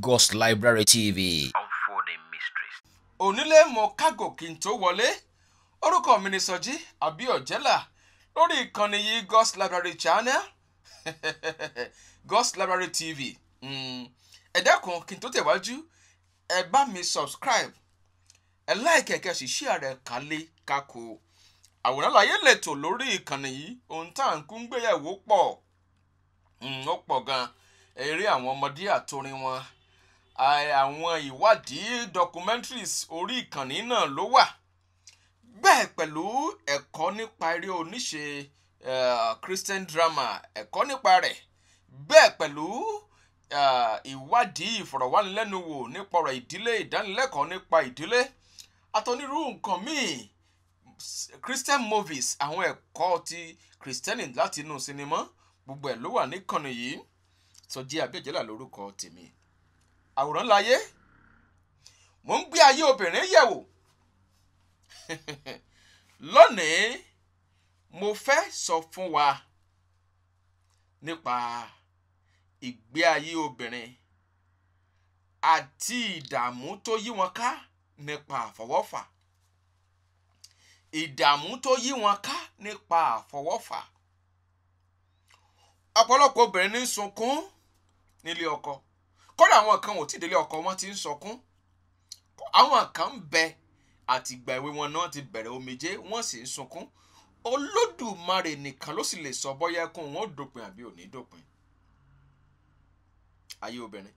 Ghost Library TV. onílé mo kágò kí n tó wọlé orúkọ mi ni Sọjí Abíọ́jẹ́là lórí ìkànnì yìí God's Library Channel Ghost Library TV hmm. ẹ dẹ́kun kí n tó tẹ̀wájú ẹ bá mi subscribe ẹ like ẹ kẹ́ sì share rẹ̀ kálé kákó àwòrán láyé lẹ̀tọ̀ lórí ìkànnì yìí ohun tá à ń kún gbéyàwó pọ̀ hmm, ó pọ̀ gan eré àwọn ọmọdé àtòrin wọn àwọn ìwádìí documentaries orí ìkànnì náà ló wà bẹ́ẹ̀ pẹ̀lú ẹ̀kọ́ nípa eré oníṣe Christian drama ẹ̀kọ́ nípa rẹ̀ bẹ́ẹ̀ pẹ̀lú ìwádìí ìfọ̀rọ̀wánilẹ́nuwò nípa ọ̀rọ̀ ìdílé ìdánilẹ́kọ̀ọ́ nípa ìdílé àtọ́nirú nǹkan míì Christian movies àwọn ẹ̀kọ́ ti Christian láti inú sinimá gbogbo ẹ̀ ló wà níkànnì yìí Sọjí Abíọ́jẹ́là lórúkọ tèmi àwòrán láyé mò ń gbé ayé obìnrin yẹ̀wò lónìí mo fẹ́ sọ fún wa nípa ìgbé ayé obìnrin àti ìdààmú tó yí wọn ká nípa àfọwọ́fà ìdààmú tó yí wọn ká nípa àfọwọ́fà ọ̀pọ̀lọpọ̀ obìnrin ní sunkún nílé ọkọ kódà àwọn kan ò tí ì délé ọkọ wọn ti ń sọkún àwọn kan ń bẹ àtìgbà èwe wọn náà ti bẹ̀rẹ̀ omijé wọ́n sì ń sunkún olódùmarè nìkan ló sì lè sọ bóyá ẹkún wọn ò dópin àbí ò ní dópin ayé obìnrin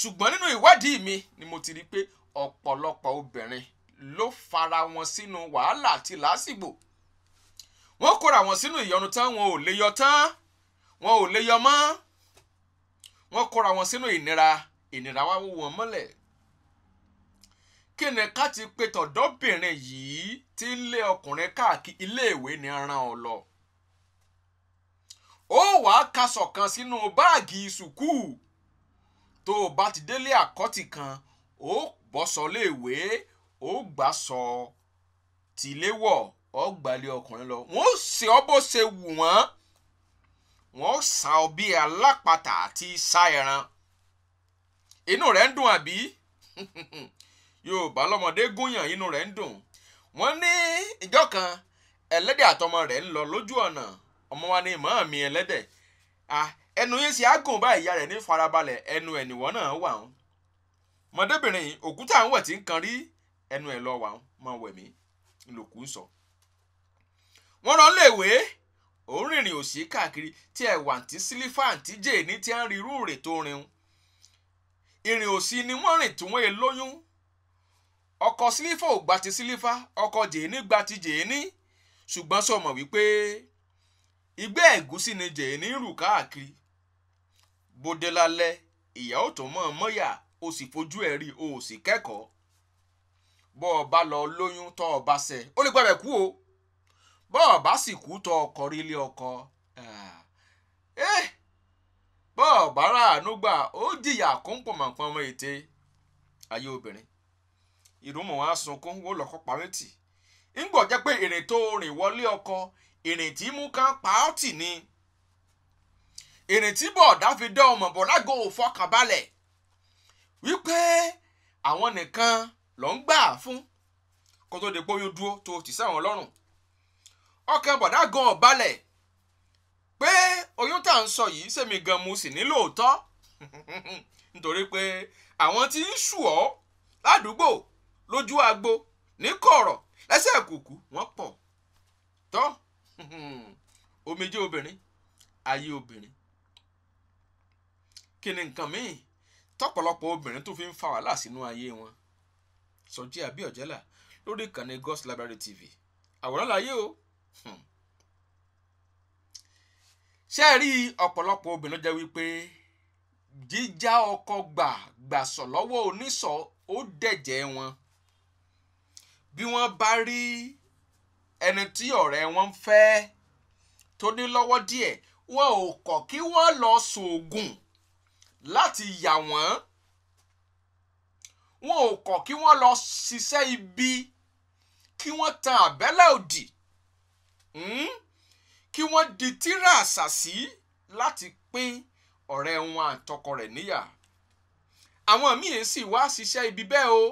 ṣùgbọ́n nínú ìwádìí mi ni mo ti rí pé ọ̀pọ̀lọpọ̀ obìnrin ló fara wọn sínú wàhálà àti làásìgbò wọ́n kóra wọn sínú ìyọnu tán wọn ò lè yọ tán wọn ò lè yọ mọ́ wọ́n kóra wọn sínú ìnira ìnira wá wó wọn mọ́lẹ̀ kí ni ká ti pe tọ̀dọ́bìnrin yìí tí ń lé ọkùnrin káàkiri iléèwé ni rán ọ lọ ó wà á kaṣọ kan sínú báàgì sùkúù tó o bá ti délé àkọ́tì kan ó bọ́sọ léèwé ó gbà sọ tìléwọ̀ ọgbàlẹ̀ ọkùnrin lọ wọ́n ó ṣe ọ́ bó ṣe wù wọ́n wọn ó san ọ bí alápatà àti sá ẹran inú rẹ̀ ń dùn àbí yorùbá lọ́mọdé gúnyàn inú rẹ̀ ń dùn wọ́n ní ìjọ kan ẹlẹ́dẹ̀ àtọmọ rẹ̀ ń lọ lójú ọ̀nà ọmọ wa ni màá mi ẹlẹ́dẹ̀ ẹnu yín ṣe ágùn bá ìyá rẹ̀ ní farabalẹ̀ ẹnu ẹ̀nìwọ́ náà wà ń mọ̀débìnrin òkúta ń wẹ̀ tí ń kan rí ẹnu ẹ̀ lọ wà ń mọ̀ wẹ̀ mí sọ. wọ́n rán léèwé òun rìnrìn òsì káàkiri tí ẹ̀wà àǹtí sílífà àǹtí jèèní tí ń rí irú rè tó rin ìrìn òsì ni wọ́n rìn tí wọ́n è lóyún ọkọ sílífà ò gba ti sílífà ọkọ jèèní gba ti jèèní ṣùgbọ́n sọ wípé ìgbẹ́ ẹ̀gúsí ni jèèní rù káàkiri bóde lálẹ́ ìyá tó mọ̀ mọ́yà o sì fojú ẹ̀ rí o sì kẹ́kọ̀ọ́ bọ́ ọ bá lọ lóyún tọ́ ọ bá ṣẹ ó lè gbàgbẹ́ kú o bọ́ọ̀ bá sì kú tọ ọkọ rí ilé ọkọ eh, bọ́ọ̀ bá ráàánú gbà ó jìyà kóńpọ̀mọ̀pọ̀mọ̀ ète ayé obìnrin ìrùmọ̀ wọn á sunkún ó lọ́kọ́ pàrẹ́tì ńgbọ̀ jẹ́ pé ìrìn tó rìn wọlé ọkọ ìrìn tí mú kán pàátì ni ìrìn tí bọ̀ọ̀dá fi dán ọmọ bọ̀ lágò fọkànbalẹ̀ wípé àwọn nìkan ló ń gbà fún kó tó di pé ó dúró tó ti sẹ́wọ̀n lọ́rùn ọkàn bọ̀dá gan ọ̀balẹ̀ pé oyún tá à ń sọ yìí sèmi gan mu sì ní lóòótọ́ nítorí pé àwọn tí ń sù ọ́ ládùúgbò lójú agbo ní kọ̀rọ̀ lẹ́sẹ̀ kùkù wọ́n pọ̀ tọ́ omijé obìnrin ayé obìnrin kí ni nǹkan míì tọ́pọ̀lọpọ̀ obìnrin tó fi ń fa wàhálà sínú ayé wọn Sọjí Abíọ́jẹ́là lórí ìkànnì God's Library TV àwòrán láyé o. Hmm. ṣé ẹ rí ọ̀pọ̀lọpọ̀ obìnrin ló wípé jíjá ọkọ gbà gbàsọ̀ lọ́wọ́ oníṣọ̀ ó dẹ̀jẹ̀ wọn bí wọ́n bá rí ẹni tí ọ̀rẹ́ wọn ń fẹ́ tó ní lọ́wọ́ díẹ̀ wọn ò kọ̀ kí wọ́n lọ sòògùn láti yà wọ́n wọn ò kọ̀ kí wọ́n lọ ṣiṣẹ́ ibi kí wọ́n tan àbẹ́lẹ̀ òdì Hmm? kí wọ́n di tírà àṣàsí láti pín ọ̀rẹ́ wọn àtọkọ rẹ̀ níyà àwọn míì sì wá ṣiṣẹ́ ibi bẹ́ẹ̀ o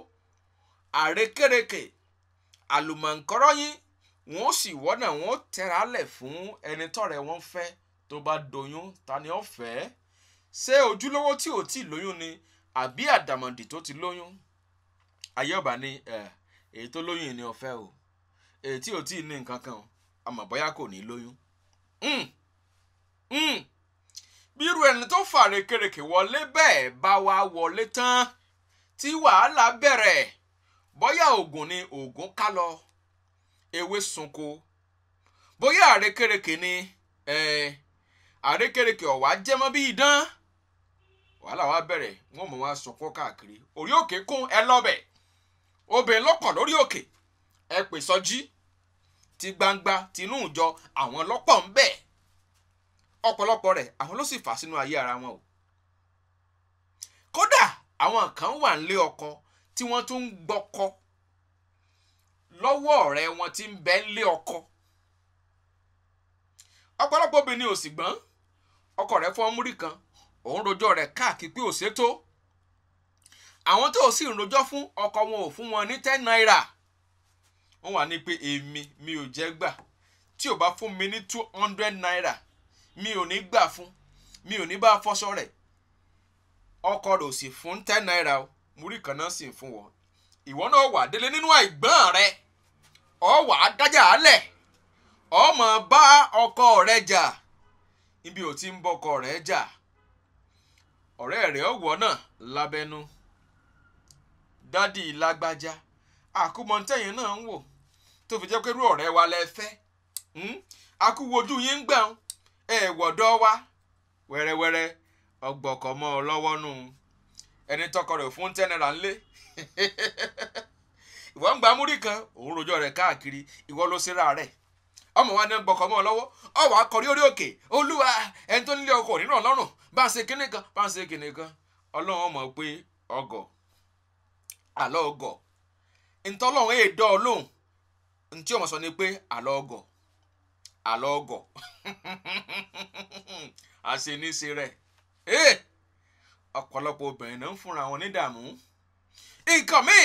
àrékérekè àlùmọ̀ǹkọ́rọ́yìn wọn ó sì wọ́nà wọn ó tẹra lẹ̀ fún ẹni tọ́rẹ̀ wọn fẹ́ tó bá doyún ta ni ó fẹ́ ṣé ojúlówó tí ò tí lóyún ni àbí àdàmọ̀dì tó ti lóyún ayé ọ̀bà ni èyí tó lóyún ni ó o èyí tí ò tí ní nǹkan kan o àmọ́ bóyá kò ní lóyún. Hmm. Hmm. bírú ẹni tó fà rekereke wọlé bẹ́ẹ̀ bá wa wọlé tán tí wàhálà bẹ̀rẹ̀ bóyá oògùn ni oògùn ká lọ ewé sunko bóyá àrékèrèké ni àrékèrèké ọ̀wá jẹ́mọ́ bí idán wàhálà wa bẹ̀rẹ̀ wọ́n mọ̀ wá sunkún káàkiri orí òkè kún ẹ lọ́bẹ̀ obìnrin lọ́kàn lórí òkè ẹ pè sọjí ti gbangba tinú ìjọ àwọn lọ́pọ̀ ń bẹ ọ̀pọ̀lọpọ̀ rẹ̀ àwọn ló sì fà sínú ayé ara wọn o kódà àwọn kan wà nílé ọkọ tí wọ́n tún ń gbọ́kọ lọ́wọ́ ọ̀rẹ́ wọn ti ń bẹ nílé ọkọ ọ̀pọ̀lọpọ̀ obìnrin ò sì gbọ́n ọkọ rẹ̀ fọ́ múrí kan òun rojọ́ rẹ̀ káàkiri pé ò ṣètò àwọn tó sì rojọ́ fún ọkọ wọn ò fún wọn ní ten naira wọ́n wà ní pé èmi mi ò jẹ́ gbà tí ò bá fún mi ní two hundred naira mi ò ní gbà fún mi ò ní bá fọṣọ rẹ̀ ọkọ rẹ ò sì fún ten naira o múrí kan náà sì ń fún wọn ìwọ náà wà délé nínú àìgbọ́n rẹ ọ wà á dájà álẹ̀ ọ mọ̀ bá ọkọ rẹ jà ibi ò ti ń bọkọ rẹ jà ọ̀rẹ́ rẹ̀ ọ̀wọ́ náà lábẹ́nú dádì lágbájá. Ja àkúmọ̀ náà ń wò tó fi jẹ́ pé irú ọ̀rẹ́ wa lẹ hmm? akúwojú yín ń gbẹ̀hún wọ̀dọ́ ọ lọ́wọ́ nù ẹni tọkọ rẹ̀ fún ten naira ìwọ ń gba múrí kan òun rojọ́ rẹ̀ káàkiri ìwọ ló rẹ̀ ọmọ wa ní gbọ̀kọ̀ mọ́ ọ lọ́wọ́ ọwọ́ akọrí orí òkè olúwa ẹni tó nílé ọkọ̀ nínú a ṣe kinní kan bá a ṣe kan ọlọ́run mọ̀ pé ọgọ̀ àlọ́ ntọ́lọ́hún èè dọ́ ọ lóhùn ntí ọmọ sọ ni pé àlọ́ ọgọ̀ àlọ́ ọgọ̀ àṣeníṣe rẹ̀ eh! ọ̀pọ̀lọpọ̀ obìnrin náà ń fúnra wọn ní dààmú nǹkan míì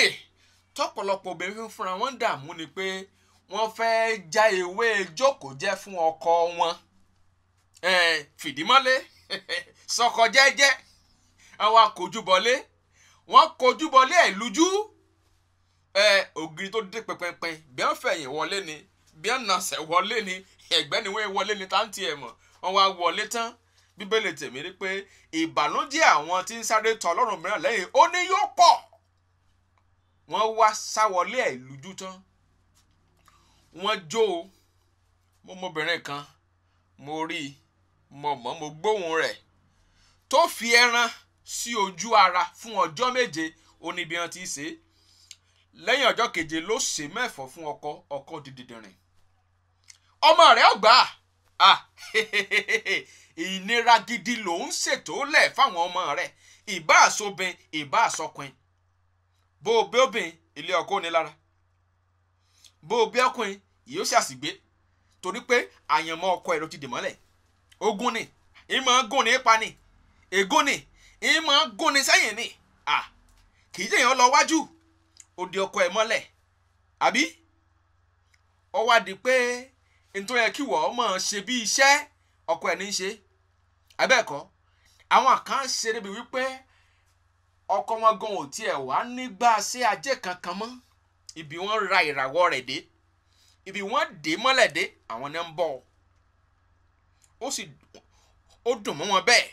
tọ́pọ̀lọpọ̀ obìnrin fi ń fúnra wọn dààmú ni pé wọ́n fẹ́ já ewé jókòó jẹ́ fún ọkọ wọn eh, fìdímọ́lé sọkọ jẹ́jẹ́ àwọn akójúbọlé wọ́n kojúbọlé ẹ̀ lójú ẹ ògiri tó dé pẹpẹpẹ bí wọn fẹ̀yìn wọlé ni bí wọn nàṣẹ wọlé ni ẹ̀gbẹ́ ni wọn wọlé ni táǹtì ẹ mọ wọn wá wọlé tán bíbélì tèmi rí pé ìbànújẹ́ àwọn tí ń sáré tọ Ọlọ́run mìíràn lẹ́yìn ó ní yóò pọ̀ wọn wá sáwọlé ẹ lójú tán wọn jó o mo mọbìnrin kan mo rí i mo mọ mo gbóhùn rẹ̀ tó fi ẹran sí ojú ara fún ọjọ́ méje ó ní bí wọn ti ṣe é lẹ́yìn ọjọ́ keje ló ṣe mẹ́fọ̀ fún ọkọ ọkọ dídìdìrìn ọmọ rẹ̀ ọgbà ìnira gidi ló ń ṣètò lẹ̀ fáwọn ọmọ rẹ̀ ìbá àsobin ìbá àsọkùn bó o bí obìnrin ilé ọkọ ní lára bó o bí ọkùnrin yóò ṣàṣìgbé torí pé àyànmọ́ ọkọ ẹ̀ ló ti dè mọ́lẹ̀ ogun ni ìmọ̀ gùn ní ipa ni ègún ni ìmọ̀ gùn ní sẹ́yìn ni kì í jẹ́yàn lọ wájú ó di ọkọ ẹ mọ́lẹ̀ àbí ó wá di pé nítorí yẹ kí wọ́n mọ̀ ṣe bí iṣẹ́ ọkọ ẹ̀ ní í ṣe abẹ́ẹ̀kọ́ àwọn kan ṣe débi wípé ọkọ wọn gan ò tiẹ̀ wá nígbà ṣe ajé kankan mọ́ ibi wọ́n ra ìràwọ̀ rẹ̀ dé ibi wọ́n dé mọ́lẹ̀ dé àwọn náà ń bọ̀ ó sì ó dùn mọ́ wọn bẹ́ẹ̀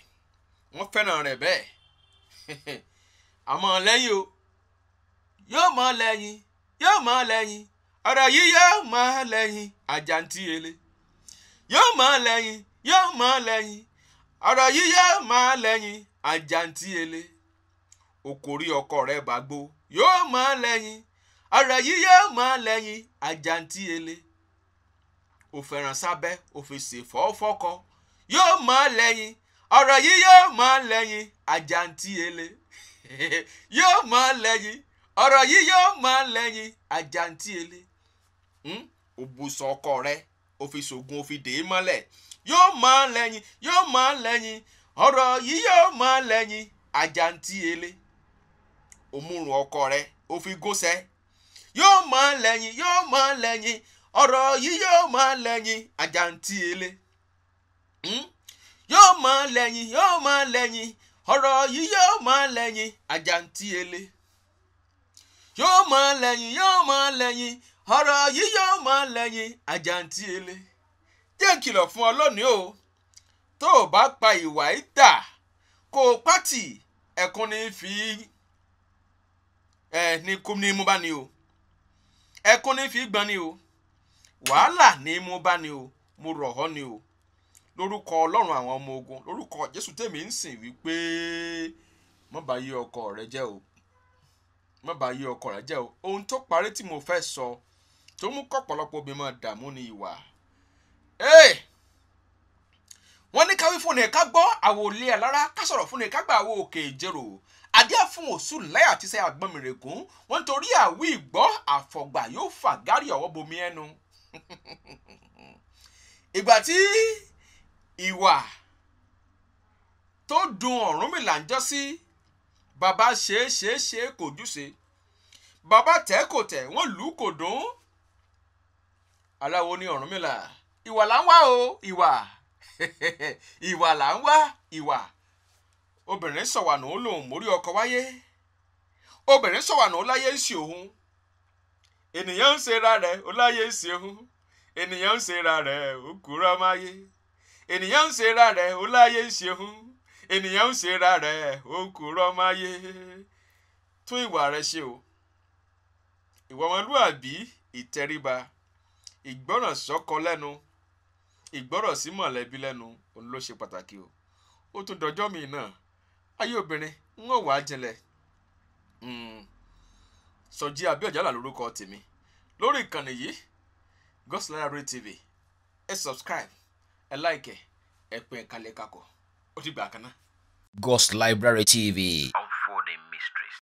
wọ́n fẹ́ràn rẹ̀ bẹ́ẹ̀ àmọ́ lẹ́yìn o yóò mọ lẹ́yìn yóò mọ lẹ́yìn ọ̀rọ̀ yìí yóò mọ lẹ́yìn àjàǹtí ele yóò mọ lẹ́yìn yóò mọ lẹ́yìn ọ̀rọ̀ yìí yóò mọ lẹ́yìn àjàǹtí ele okòrí ọkọ rẹ bàgbó yóò mọ lẹ́yìn ọ̀rọ̀ yìí yóò mọ lẹ́yìn àjàǹtí ele ó fẹ́ràn sábẹ́ ó fi ṣe fọ́fọ́kọ yóò mọ lẹ́yìn ọ̀rọ̀ yìí yóò mọ lẹ́yìn àjàǹtí ele yóò mọ lẹ́yìn ọ̀rọ̀ yìí yóò mọ lẹ́yìn àjàǹtí ele ó hmm? bu sọ ọkọ rẹ ó fi ṣògùn ó fi dè é mọ́lẹ̀ yóò mọ lẹ́yìn yóò mọ lẹ́yìn ọ̀rọ̀ yìí yóò mọ lẹ́yìn àjàǹtí ele ó múrun ọkọ rẹ ó fi gúnṣẹ́ yóò mọ lẹ́yìn yóò mọ lẹ́yìn ọ̀rọ̀ yìí yóò mọ lẹ́yìn àjàǹtí ele hmm? yóò mọ lẹ́yìn yóò mọ lẹ́yìn ọ̀rọ̀ yìí yóò mọ lẹ́yìn àjàǹtí ele. Mm? yóò mọ lẹ́yìn yóò mọ lẹ́yìn ọ̀rọ̀ yìí yóò mọ lẹ́yìn àjàǹtí ele jẹ́ ìkìlọ̀ fún ọ lónìí o tó o bá pa ìwà ìdà kó o pátì ẹ̀kún ní fi ẹ̀ ní kú ní mú bá ní o ẹ̀kún ní fi gbọ́n ní o wàhálà ní mú bá ní o mo rọ̀ ọ́ ní o lórúkọ ọlọ́run àwọn ọmọ ogun lórúkọ jésù tèmi ń sìn wípé má bàá yí ọkọ rẹ jẹ́ o má bàa yí ọkọ rẹ jẹ o ohun tó parí tí mo fẹ́ sọ tó mú kọ̀pọ̀lọpọ̀ obìnrin máa dààmú ni ìwà. wọ́n ní káwí fún nìkan gbọ́ àwò ilé ẹ̀ lára ká sọ̀rọ̀ fún nìkan gbà àwò òkè ìjẹrò adíà fún òṣù láyà àti sẹ́yà gbọ́mìrègún wọ́n torí àwí ìgbọ́ àfọ̀gbà yóò fà gárì ọ̀wọ́ bomi ẹnu. ìgbà tí ìwà tó dùn Ọ̀rúnmìlà ń jọ́ sí. Si, bàbá ṣe é ṣe é ṣe kò júṣe bàbá tẹ́ kò tẹ́ wọ́n lù ú kò dùn. aláwo ní Ọ̀rúnmìlà ìwà là ń wá o ìwà ìwà là ń wá ìwà obìnrin sọ̀wànù lòun mórí ọkọ wáyé obìnrin sọ̀wànù láyé ń ṣe òun ènìyàn ń ṣera rẹ̀ láyé ṣe òun ènìyàn ń ṣera rẹ̀ ó máyé ènìyàn ń ṣera rẹ̀ láyé ṣe òun ènìyàn ń ṣera rẹ̀ ó kúrò máyé tún ìwà rẹ̀ ṣe o ìwà ọmọlúàbí ìtẹríba ìgbọ́ràn sọ́kọ lẹ́nu ìgbọ́ràn sí mọ̀lẹ́bí lẹ́nu òun ló ṣe pàtàkì o ó tún dọjọ́ mi náà ayé obìnrin ń wọ̀ wá jinlẹ̀ hmm. Sọjí Abíọ́jálà lórúkọ tèmi lórí ìkànnì yìí Gospel Library TV ẹ subscribe ẹ like ẹ ẹ pín kakọ̀. Ghost Library TV.